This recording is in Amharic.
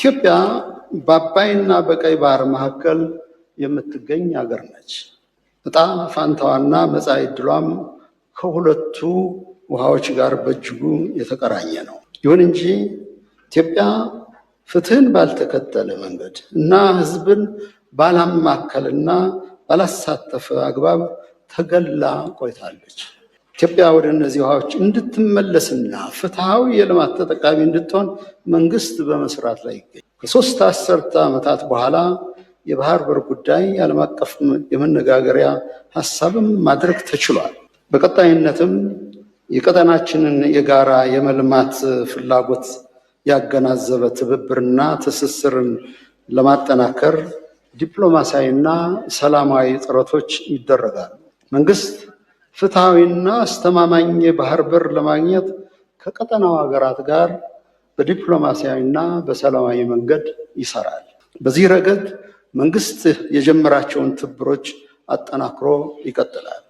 ኢትዮጵያ በአባይና በቀይ ባህር መካከል የምትገኝ ሀገር ነች። በጣም ፋንታዋና መጻኢ ዕድሏም ከሁለቱ ውሃዎች ጋር በእጅጉ የተቀራኘ ነው። ይሁን እንጂ ኢትዮጵያ ፍትህን ባልተከተለ መንገድ እና ህዝብን ባላማከልና ባላሳተፈ አግባብ ተገላ ቆይታለች። ኢትዮጵያ ወደ እነዚህ ውሃዎች እንድትመለስና ፍትሐዊ የልማት ተጠቃሚ እንድትሆን መንግስት በመስራት ላይ ይገኛል። ከሶስት አስርተ ዓመታት በኋላ የባህር በር ጉዳይ ዓለም አቀፍ የመነጋገሪያ ሀሳብም ማድረግ ተችሏል። በቀጣይነትም የቀጠናችንን የጋራ የመልማት ፍላጎት ያገናዘበ ትብብርና ትስስርን ለማጠናከር ዲፕሎማሲያዊና ሰላማዊ ጥረቶች ይደረጋሉ። መንግስት ፍትሐዊና አስተማማኝ የባህር በር ለማግኘት ከቀጠናው ሀገራት ጋር በዲፕሎማሲያዊና በሰላማዊ መንገድ ይሰራል። በዚህ ረገድ መንግስት የጀመራቸውን ትብብሮች አጠናክሮ ይቀጥላል።